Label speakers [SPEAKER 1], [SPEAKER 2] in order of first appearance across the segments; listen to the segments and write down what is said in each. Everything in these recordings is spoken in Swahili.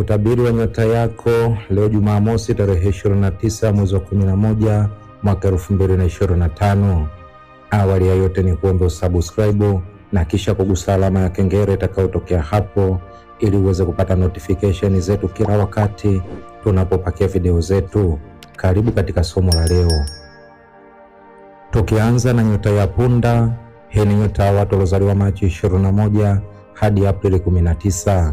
[SPEAKER 1] Utabiri wa nyota yako leo Jumamosi tarehe 29 mwezi wa 11 mwaka 2025. Awali ya yote ni kuombe usubscribe na kisha kugusa alama ya kengele itakayotokea hapo ili uweze kupata notification zetu kila wakati tunapopakia video zetu. Karibu katika somo la leo, tukianza na nyota ya punda. Hii ni nyota ya watu waliozaliwa Machi 21 hadi Aprili 19.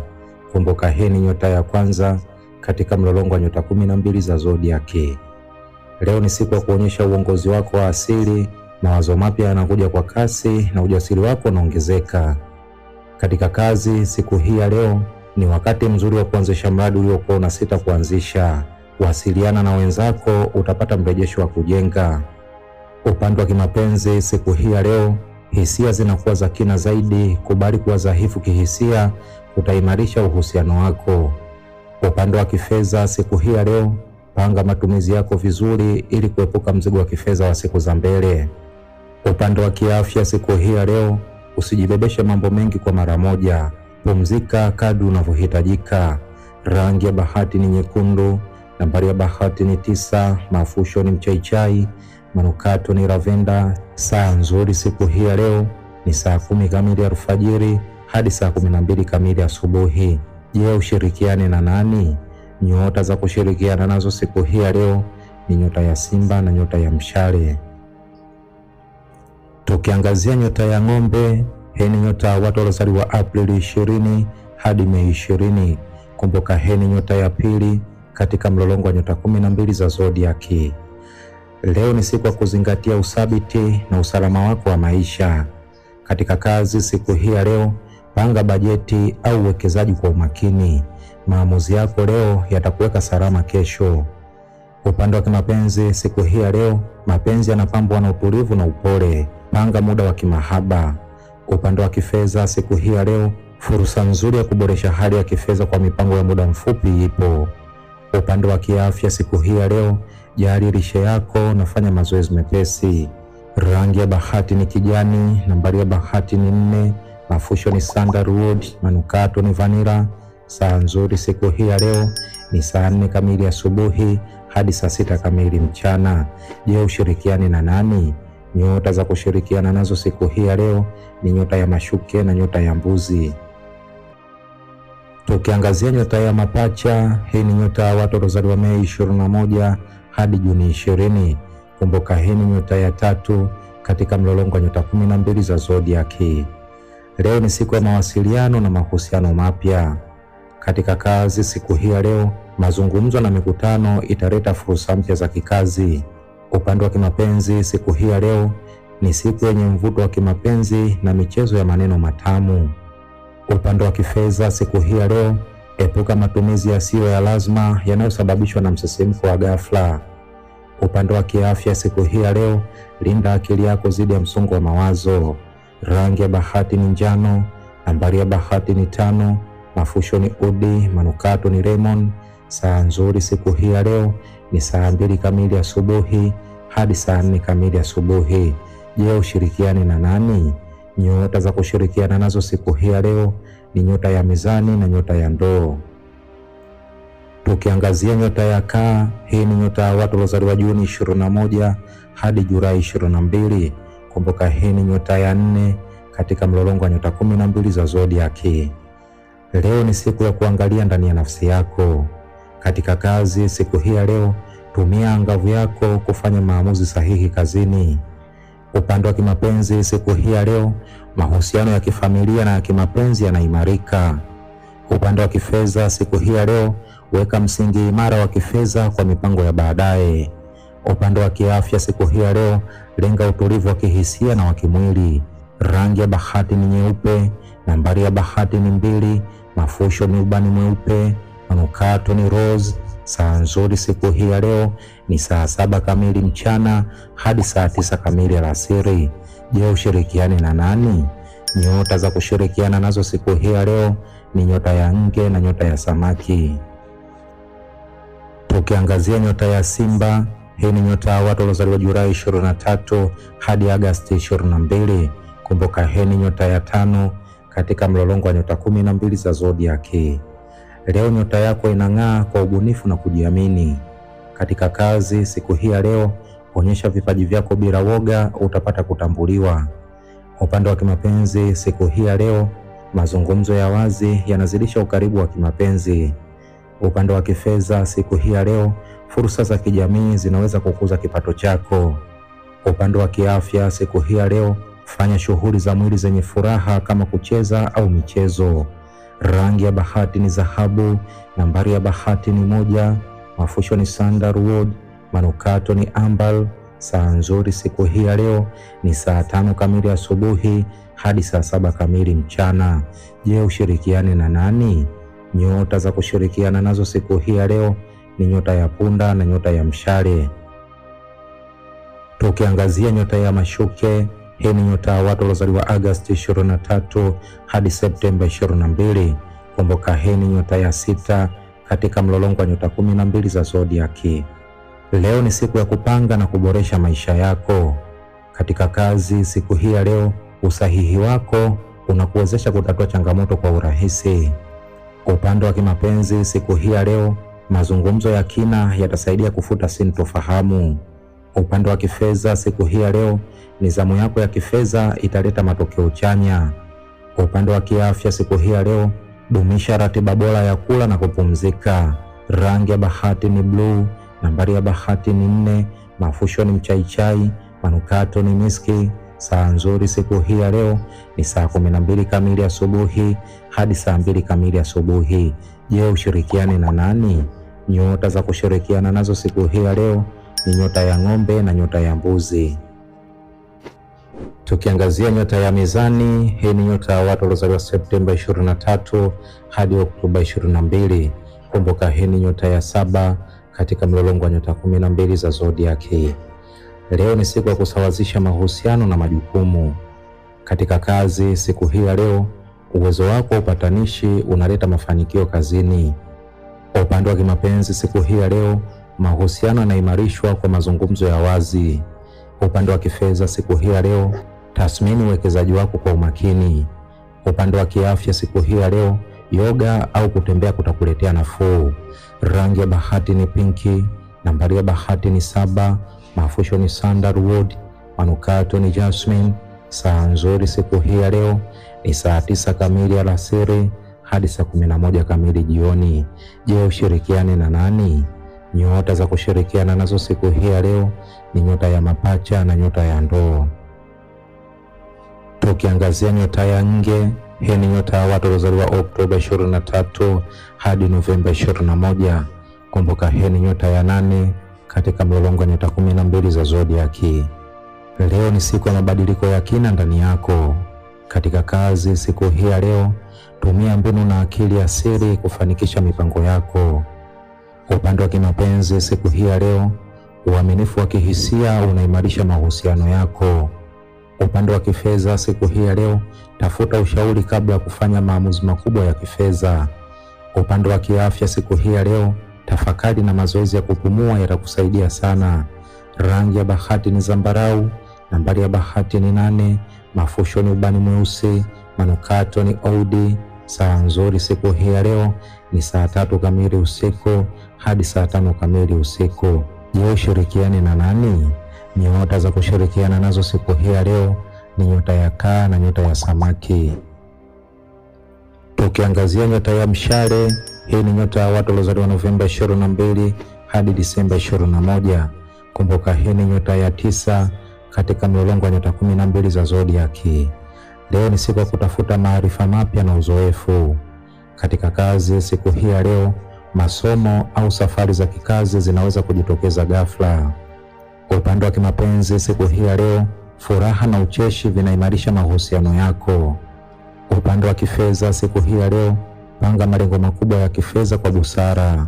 [SPEAKER 1] Kumbuka, hii ni nyota ya kwanza katika mlolongo wa nyota kumi na mbili za zodiaki. Leo ni siku ya kuonyesha uongozi wako wa asili. Mawazo mapya yanakuja kwa kasi na ujasiri wako unaongezeka katika kazi. Siku hii ya leo ni wakati mzuri wa kuanzisha mradi uliokuwa unasita kuanzisha. Wasiliana na wenzako, utapata mrejesho wa kujenga. Upande wa kimapenzi, siku hii ya leo hisia zinakuwa za kina zaidi. Kubali kuwa dhaifu kihisia utaimarisha uhusiano wako. Upande wa kifedha siku hii ya leo, panga matumizi yako vizuri ili kuepuka mzigo wa kifedha wa siku za mbele. Upande wa kiafya siku hii ya leo, usijibebeshe mambo mengi kwa mara moja. Pumzika kadri unavyohitajika. Rangi ya bahati ni nyekundu. Nambari ya bahati ni tisa. Mafusho ni mchaichai. Manukato ni lavenda. Saa nzuri siku hii ya leo ni saa kumi kamili alfajiri hadi saa mbili kamili asubuhi. Je, ushirikiane na nani? Nyota za kushirikiana nazo siku hii ya leo ni nyota ya Simba na nyota ya Mshale. Tukiangazia nyota ya Ng'ombe, hii ni nyota ya watu waliozaliwa Aprili ishirini hadi Mei ishirini Kumbuka, hii ni nyota ya pili katika mlolongo wa nyota mbili za zodiaki. Leo ni siku ya kuzingatia uthabiti na usalama wako wa maisha. Katika kazi siku hii ya leo Panga bajeti au uwekezaji kwa umakini. Maamuzi yako leo yatakuweka salama kesho. Upande wa kimapenzi, siku hii ya leo, mapenzi yanapambwa na utulivu na upole. Panga muda wa kimahaba. Upande wa kifedha, siku hii ya leo, fursa nzuri ya kuboresha hali ya kifedha kwa mipango ya muda mfupi ipo. Upande wa kiafya, siku hii ya leo, jali lishe yako nafanya mazoezi mepesi. Rangi ya bahati ni kijani. Nambari ya bahati ni nne. Mafusho ni sandalwood, manukato ni vanira Saa nzuri siku hii ya leo ni saa nne kamili asubuhi hadi saa sita kamili mchana. Je, ushirikiane na nani? Nyota za kushirikiana nazo siku hii ya leo ni nyota ya mashuke na nyota ya mbuzi. Tukiangazia nyota ya mapacha, hii ni nyota ya watu waliozaliwa Mei 21 hadi Juni 20. Kumbuka, hii ni nyota ya tatu katika mlolongo wa nyota 12 za zodiaki. Leo ni siku ya mawasiliano na mahusiano mapya. Katika kazi siku hii ya leo, mazungumzo na mikutano italeta fursa mpya za kikazi. Upande wa kimapenzi siku hii ya leo ni siku yenye mvuto wa kimapenzi na michezo ya maneno matamu. Upande wa kifedha siku hii ya leo, epuka matumizi yasiyo ya lazima yanayosababishwa na msisimko wa ghafla. Upande wa kiafya siku hii ya leo, linda akili yako dhidi ya msongo wa mawazo rangi ya bahati ni njano, nambari ya bahati ni tano, mafusho ni udi, manukato ni lemon. Saa nzuri siku hii ya leo ni saa mbili kamili asubuhi hadi saa nne kamili asubuhi. Je, ushirikiane na nani? Nyota za kushirikiana nazo siku hii ya leo ni nyota ya mizani na nyota ya ndoo. Tukiangazia nyota ya kaa, hii ni nyota ya watu waliozaliwa Juni 21 hadi Julai 22. Kumbuka hii ni nyota ya nne katika mlolongo wa nyota kumi na mbili za zodiaki. Leo ni siku ya kuangalia ndani ya nafsi yako. Katika kazi, siku hii ya leo, tumia angavu yako kufanya maamuzi sahihi kazini. Upande wa kimapenzi, siku hii ya leo, mahusiano ya kifamilia na ya kimapenzi yanaimarika. Upande wa kifedha, siku hii ya leo, weka msingi imara wa kifedha kwa mipango ya baadaye. Kwa upande wa kiafya, siku hii ya leo, lenga utulivu wa kihisia na wa kimwili. Rangi ya bahati ni nyeupe. Nambari ya bahati ni mbili. Mafusho ni ubani mweupe. Manukato ni rose. Saa nzuri siku hii ya leo ni saa saba kamili mchana hadi saa tisa kamili alasiri. Je, ushirikiane na nani? Nyota za kushirikiana nazo siku hii ya leo ni nyota ya nge na nyota ya samaki. Tukiangazia nyota ya Simba, hii ni nyota ya watu waliozaliwa Julai 23 hadi Agasti 22. Kumbuka, hii ni nyota ya tano katika mlolongo wa nyota kumi na mbili za zodiaki. Leo nyota yako inang'aa kwa ubunifu na kujiamini. Katika kazi siku hii ya leo, onyesha vipaji vyako bila woga, utapata kutambuliwa. Upande wa kimapenzi siku hii ya leo, mazungumzo ya wazi yanazidisha ukaribu wa kimapenzi. Upande wa kifedha siku hii ya leo fursa za kijamii zinaweza kukuza kipato chako. upande wa kiafya, siku hii ya leo, fanya shughuli za mwili zenye furaha kama kucheza au michezo. Rangi ya bahati ni dhahabu. Nambari ya bahati ni moja. Mafusho ni sandalwood. Manukato ni ambal. Saa nzuri siku hii ya leo ni saa tano kamili asubuhi hadi saa saba kamili mchana. Je, ushirikiane na nani? Nyota za kushirikiana nazo siku hii ya leo ni nyota ya punda na nyota ya mshale. Tukiangazia nyota ya mashuke, hii ni nyota ya watu waliozaliwa Agosti 23 hadi Septemba 22. Kumbuka hii ni nyota ya sita katika mlolongo wa nyota kumi na mbili za zodiaki. Leo ni siku ya kupanga na kuboresha maisha yako katika kazi. Siku hii ya leo, usahihi wako unakuwezesha kutatua changamoto kwa urahisi. Upande wa kimapenzi, siku hii ya leo Mazungumzo ya kina yatasaidia kufuta sintofahamu. Upande wa kifedha siku hii ya leo, nidhamu yako ya kifedha italeta matokeo chanya. Upande wa kiafya siku hii ya leo, dumisha ratiba bora ya kula na kupumzika. Rangi ya bahati ni bluu, nambari ya bahati ni nne, mafusho ni mchaichai, manukato ni miski. Saa nzuri siku hii ya leo ni saa kumi na mbili kamili asubuhi hadi saa mbili kamili asubuhi. Je, ushirikiane na nani? Nyota za kushirikiana nazo siku hii ya leo ni nyota ya ng'ombe na nyota ya mbuzi. Tukiangazia nyota ya mizani, hii ni nyota ya watu waliozaliwa Septemba 23 hadi Oktoba 22. Kumbuka hii ni nyota ya saba katika mlolongo wa nyota kumi na mbili za zodiaki. Leo ni siku ya kusawazisha mahusiano na majukumu katika kazi. Siku hii ya leo, uwezo wako wa upatanishi unaleta mafanikio kazini. Kwa upande wa kimapenzi, siku hii ya leo, mahusiano yanaimarishwa kwa mazungumzo ya wazi. Kwa upande wa kifedha, siku hii ya leo, tathmini uwekezaji wako kwa umakini. Kwa upande wa kiafya, siku hii ya leo, yoga au kutembea kutakuletea nafuu. Rangi ya bahati ni pinki. Nambari ya bahati ni saba. Mafusho ni sandalwood. Manukato ni jasmine. Saa nzuri siku hii ya leo ni saa tisa kamili alasiri hadi saa kumi na moja kamili jioni. Je, ushirikiane na nani? Nyota za kushirikiana nazo siku hii ya leo ni nyota ya mapacha na nyota ya ndoo. Tukiangazia nyota ya nge, hii ni nyota ya watu waliozaliwa Oktoba 23 hadi Novemba 21. Kumbuka hii ni nyota ya nane katika mlolongo wa nyota kumi na mbili za zodiaki. Leo ni siku ya mabadiliko ya kina ndani yako katika kazi siku hii ya leo. Tumia mbinu na akili siri kufanikisha mipango yako. Upande wa kimapenzi siku hii ya leo, uaminifu wa kihisia unaimarisha mahusiano yako. Upande wa kifedha siku hii ya leo, tafuta ushauri kabla ya kufanya maamuzi makubwa ya kifedha. Upande wa kiafya siku hii ya leo, tafakari na mazoezi ya kupumua yatakusaidia sana. Rangi ya bahati ni zambarau. Nambari ya bahati ni nane. Mafusho ni ubani mweusi, manukato ni oudi. Saa nzuri siku hii ya leo ni saa tatu kamili usiku hadi saa tano kamili usiku. Je, ushirikiane na nani? Nyota za kushirikiana nazo siku hii ya leo ni nyota ya kaa na nyota ya samaki. Tukiangazia nyota ya mshale, hii ni nyota ya watu waliozaliwa Novemba 22 hadi Disemba 21. Kumbuka, hii ni nyota ya tisa katika mlolongo ya nyota kumi na mbili za zodiaki. Leo ni siku ya kutafuta maarifa mapya na uzoefu katika kazi. Siku hii ya leo, masomo au safari za kikazi zinaweza kujitokeza ghafla. Kwa upande wa kimapenzi, siku hii ya leo, furaha na ucheshi vinaimarisha mahusiano yako. Kwa upande wa kifedha, siku hii ya leo, panga malengo makubwa ya kifedha kwa busara.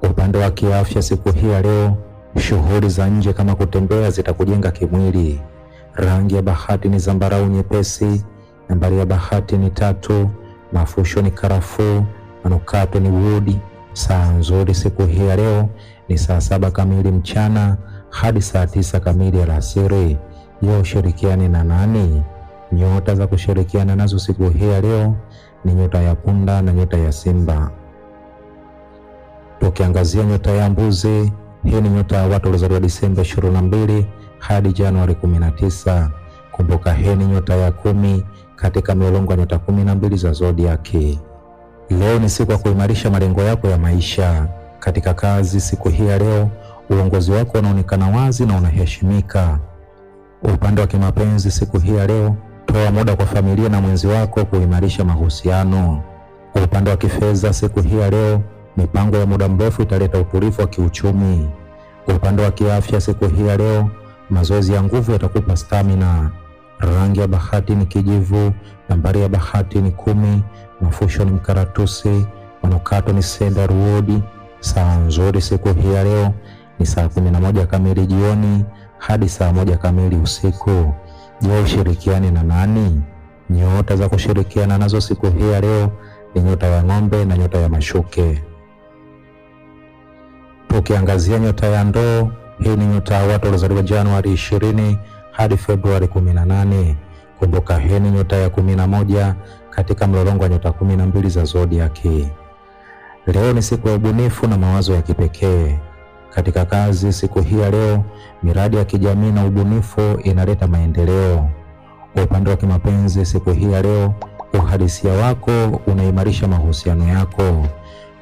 [SPEAKER 1] Kwa upande wa kiafya, siku hii ya leo Shughuli za nje kama kutembea zitakujenga kimwili. Rangi ya bahati ni zambarau nyepesi. Nambari ya bahati ni tatu. Mafusho ni karafuu. Manukato ni wudi. Saa nzuri siku hii ya leo ni saa saba kamili mchana hadi saa tisa kamili alasiri. Je, ushirikiane na nani? Nyota za kushirikiana nazo siku hii ya leo ni nyota ya punda na nyota ya simba. Tukiangazia nyota ya mbuzi hii ni nyota ya watu waliozaliwa Disemba 22 hadi Januari 19. Kumbuka, hii ni nyota ya kumi katika mlolongo wa nyota kumi na mbili za zodiaki. Leo ni siku ya kuimarisha malengo yako ya maisha. Katika kazi siku hii ya leo, uongozi wako unaonekana wazi na unaheshimika. Upande wa kimapenzi siku hii ya leo, toa muda kwa familia na mwenzi wako kuimarisha mahusiano. Upande wa kifedha siku hii ya leo Mipango ya muda mrefu italeta utulivu wa kiuchumi. Kwa upande wa kiafya, siku hii ya leo, mazoezi ya nguvu yatakupa stamina. Rangi ya bahati ni kijivu. Nambari ya bahati ni kumi. Mafusho ni mkaratusi. Manukato ni sendarwood. Saa nzuri siku hii ya leo ni saa kumi na moja kamili jioni hadi saa moja kamili usiku. Je, ushirikiane na nani? Nyota za kushirikiana nazo siku hii ya leo ni nyota ya ng'ombe na nyota ya mashuke. Ukiangazia nyota ya ndoo, hii ni nyota ya watu waliozaliwa Januari 20 hadi Februari 18. Kumbuka hii ni nyota ya 11 katika mlolongo wa nyota 12 za zodiaki. Leo ni siku ya ubunifu na mawazo ya kipekee katika kazi. Siku hii ya leo, miradi ya kijamii na ubunifu inaleta maendeleo. Kwa upande wa kimapenzi, siku hii ya leo, uhalisia wako unaimarisha mahusiano yako.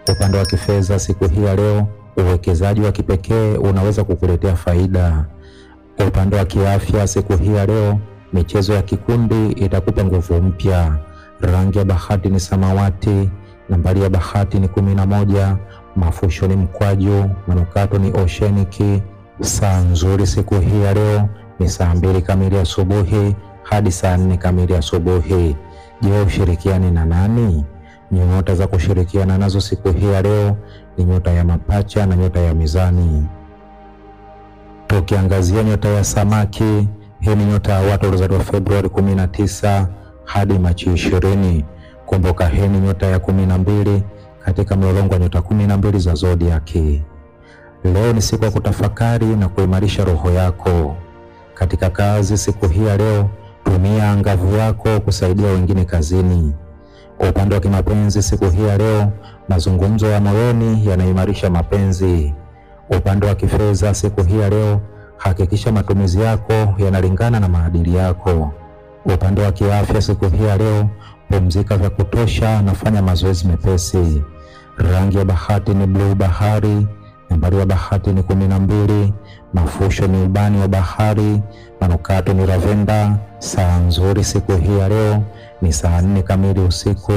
[SPEAKER 1] Kwa upande wa kifedha, siku hii ya leo uwekezaji wa kipekee unaweza kukuletea faida kwa upande wa kiafya. Siku hii ya leo, michezo ya kikundi itakupa nguvu mpya. Rangi ya bahati ni samawati, nambari ya bahati ni kumi na moja, mafusho ni mkwaju, manukato ni osheniki. Saa nzuri siku hii ya leo ni saa mbili kamili asubuhi hadi saa nne kamili asubuhi. Je, ushirikiani na nani? Nyota za kushirikiana nazo siku hii ya leo ni nyota ya mapacha na nyota ya mizani. Tukiangazia nyota ya samaki, hii ni nyota ya watu waliozaliwa Februari 19 hadi Machi 20. Kumbuka hii ni nyota ya kumi na mbili katika mlolongo wa nyota kumi na mbili za zodiaki. Leo ni siku ya kutafakari na kuimarisha roho yako. Katika kazi siku hii ya leo, tumia angavu yako kusaidia wengine kazini. Kwa upande wa kimapenzi, siku hii ya leo, mazungumzo ya moyoni yanaimarisha mapenzi. Upande wa kifedha, siku hii ya leo, hakikisha matumizi yako yanalingana na maadili yako. Upande wa kiafya, siku hii ya leo, pumzika vya kutosha na fanya mazoezi mepesi. Rangi ya bahati ni bluu bahari nambari ya bahati ni kumi na mbili, mafusho ni ubani wa bahari, manukato ni lavenda. Saa nzuri siku hii ya leo ni saa nne kamili usiku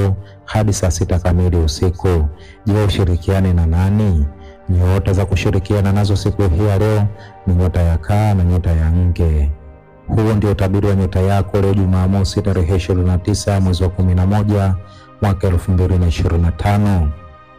[SPEAKER 1] hadi saa sita kamili usiku. Je, ushirikiane na nani? Nyota za kushirikiana nazo siku hii ya leo ni nyota ya kaa na nyota ya nge. Huo ndio utabiri wa nyota yako leo Jumamosi tarehe 29 mwezi wa 11 mwaka 2025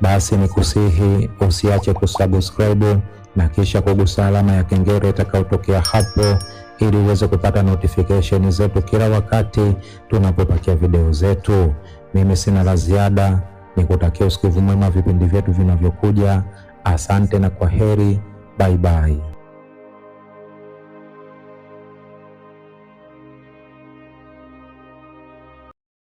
[SPEAKER 1] basi ni kusihi usiache kusubscribe na kisha kugusa alama ya kengele itakayotokea hapo, ili uweze kupata notification zetu kila wakati tunapopakia video zetu. Mimi sina la ziada, kutakia usikivu mwema vipindi vyetu vinavyokuja. Asante na kwa heri, bye bye.